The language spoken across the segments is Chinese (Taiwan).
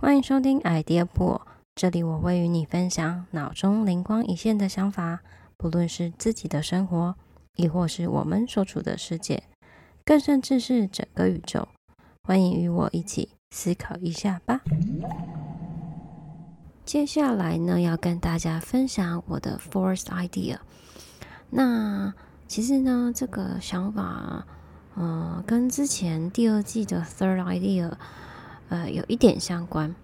歡迎收聽《idea 播》，這裡我會與你分享腦中靈光一現的想法，不論是自己的生活，亦或是我們所處的世界，更甚至是整個宇宙。歡迎與我一起思考一下吧。接下來呢，要跟大家分享我的 fourth idea。那其實呢，這個想法、啊。嗯、呃，跟之前第二季的 third idea，呃，有一點相關。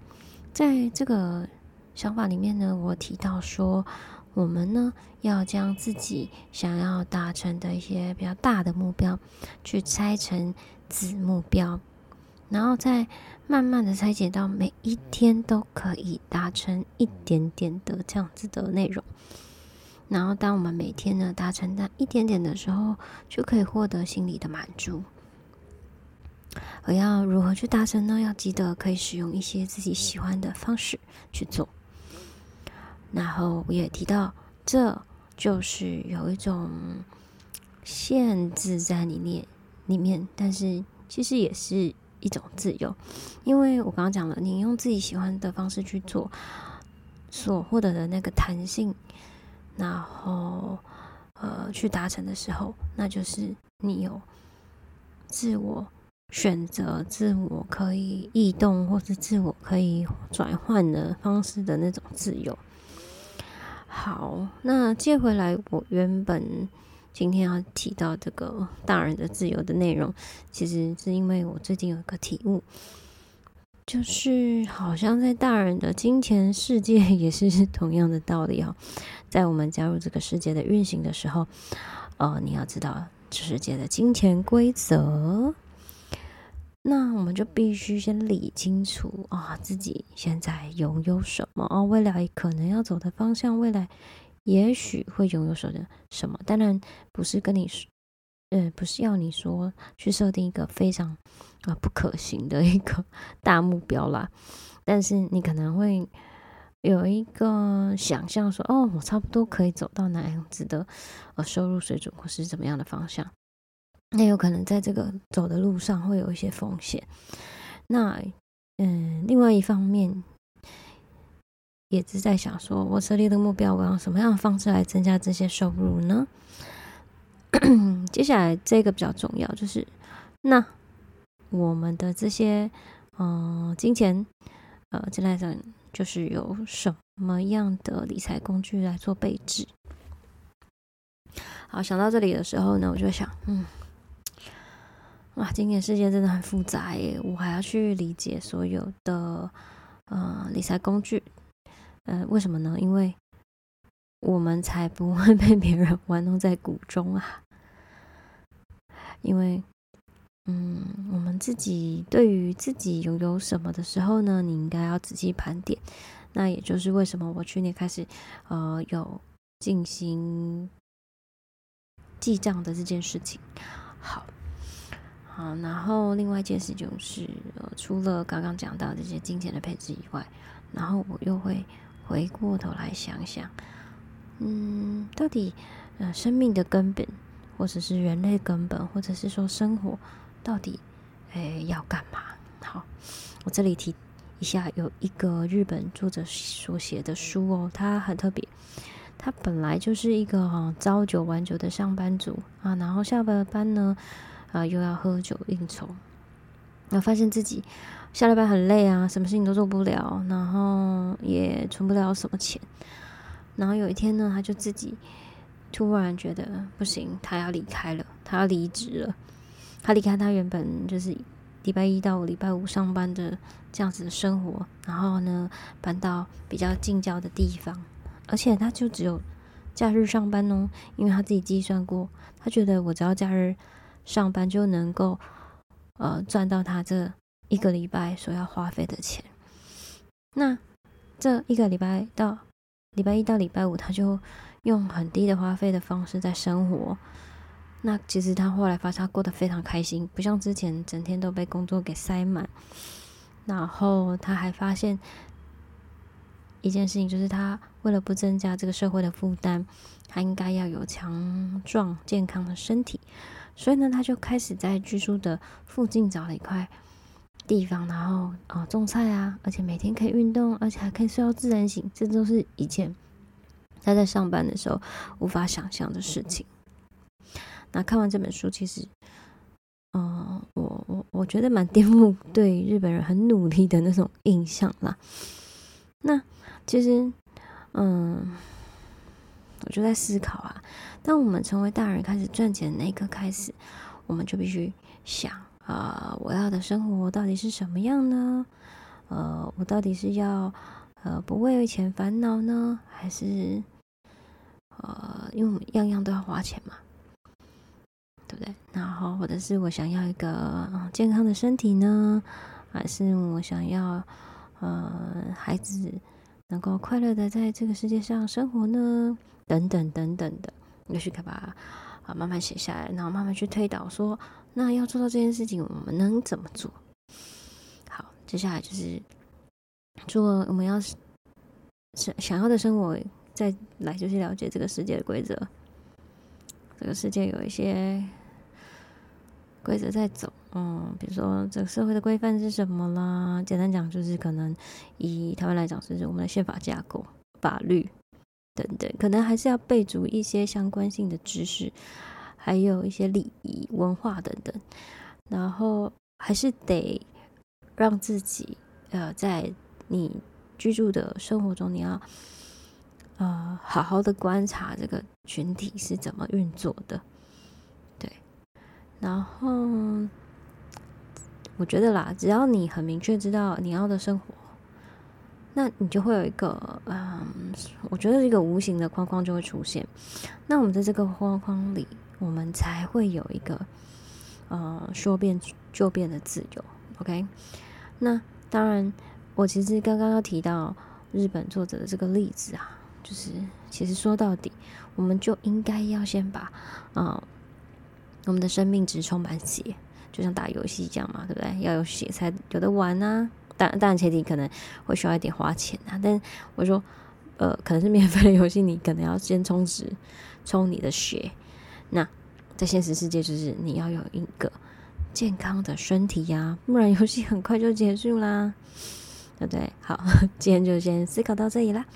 在這個想法裡面呢，我提到說，我們呢要將自己想要達成的一些比較大的目標，去拆成子目標，然後再慢慢的拆解到每一天都可以達成一點點的這樣子的內容。然後，當我們每天呢達成那一點點的時候，就可以獲得心理的滿足。我要如何去達成呢？要記得可以使用一些自己喜歡的方式去做。然後我也提到，這就是有一種限制在裡面，裡面，但是其實也是一種自由，因為我剛剛講了，你用自己喜歡的方式去做，所獲得的那個彈性。然後，呃，去達成的時候，那就是你有自我選擇、自我可以移動，或是自我可以轉換的方式的那種自由。好，那接回來，我原本今天要提到這個大人的自由的內容，其實是因為我最近有一個體悟。就是好像在大人的金錢世界也是同樣的道理哦，在我們加入這個世界的運行的時候，呃，你要知道這世界的金錢規則，那我們就必須先理清楚啊、哦，自己現在擁有什麼啊，未來可能要走的方向，未來也許會擁有什麼什麼，當然不是跟你說。對，不是要你說去設定一個非常啊、呃、不可行的一個大目標啦，但是你可能會有一個想象說，哦，我差不多可以走到哪樣子的呃收入水準或是怎麼樣的方向，那、呃、有可能在這個走的路上會有一些風險。那嗯、呃，另外一方面也是在想說，我設立的目標，我用什麼樣的方式來增加這些收入呢？嗯、接下來這個比較重要，就是那我們的這些嗯、呃，金錢呃，再來講，就是有什麼樣的理財工具來做配置？好，想到這裡的時候呢，我就會想，嗯，哇，金錢世界真的很複雜耶，我還要去理解所有的嗯、呃、理財工具，呃，為什麼呢？因為我們才不會被別人玩弄在股中啊。因為，嗯，我們自己對於自己擁有什麼的時候呢，你應該要仔細盤點。那也就是為什麼我去年開始，呃，有進行記賬的這件事情。好好，然後另外一件事就是，呃，除了剛剛講到這些金錢的配置以外，然後我又會回過頭來想想，嗯，到底，呃，生命的根本。或者是人類根本，或者是說生活到底誒、欸、要幹嘛？好，我這裡提一下，有一個日本作者所寫的書哦，他很特別。他本來就是一個、嗯、朝九晚九的上班族啊，然後下了班班呢，啊又要喝酒應酬，然後發現自己下了班很累啊，什麼事情都做不了，然後也存不了什麼錢。然後有一天呢，他就自己。突然覺得不行，他要離開了，他要離職了。他離開他原本就是禮拜一到禮拜五上班的這樣子的生活，然後呢，搬到比較近郊的地方，而且他就只有假日上班哦，因為他自己計算過，他覺得我只要假日上班就能夠呃賺到他這一個禮拜所要花費的錢。那這一個禮拜到禮拜一到禮拜五，他就。用很低的花費的方式在生活，那其實他後來發現他過得非常開心，不像之前整天都被工作給塞滿。然後他還發現一件事情，就是他為了不增加這個社會的負擔，他應該要有強壯健康的身體。所以呢，他就開始在居住的附近找了一塊地方，然後啊、哦、種菜啊，而且每天可以運動，而且還可以睡到自然醒。這都是一件。他在上班的時候無法想象的事情。那看完這本書，其實，嗯、呃，我我我覺得蠻顛覆對日本人很努力的那種印象啦。那其實，嗯，我就在思考啊，當我們成為大人開始賺錢那一刻開始，我們就必須想啊、呃，我要的生活到底是什麼樣呢？呃，我到底是要呃不為錢煩惱呢，還是？呃，因為我們樣樣都要花錢嘛，對不對？然後，或者是我想要一個健康的身體呢，還是我想要呃孩子能夠快樂的在這個世界上生活呢？等等等等的，你就可以把啊、呃、慢慢寫下來，然後慢慢去推導說，說那要做到這件事情，我們能怎麼做？好，接下來就是做我們要想想要的生活。再來就是了解這個世界的規則，這個世界有一些規則在走，嗯，比如說這個社會的規範是什麼啦。簡單講就是可能以台灣來講，就是我們的憲法架構、法律等等，可能還是要備足一些相關性的知識，還有一些禮儀文化等等。然後還是得讓自己，呃，在你居住的生活中，你要。呃，好好的觀察這個群體是怎麼運作的，對。然後，我覺得啦，只要你很明確知道你要的生活，那你就會有一個，嗯、呃，我覺得一個無形的框框就會出現。那我們在這個框框裡，我們才會有一個，呃，說變就變的自由。OK，那當然，我其實剛剛要提到日本作者的這個例子啊。就是，其實說到底，我們就應該要先把，嗯，我們的生命值充滿血，就像打遊戲這樣嘛，對不對？要有血才有得玩啊。但當然，前提可能會需要一點花錢啊。但我說，呃，可能是免費的遊戲，你可能要先充值，充你的血。那在現實世界，就是你要有一個健康的身體呀、啊，不然遊戲很快就結束啦，對不對？好，今天就先思考到這裡啦。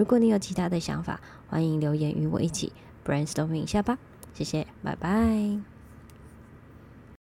如果你有其他的想法，歡迎留言與我一起 brainstorming 一下吧。謝謝，拜拜。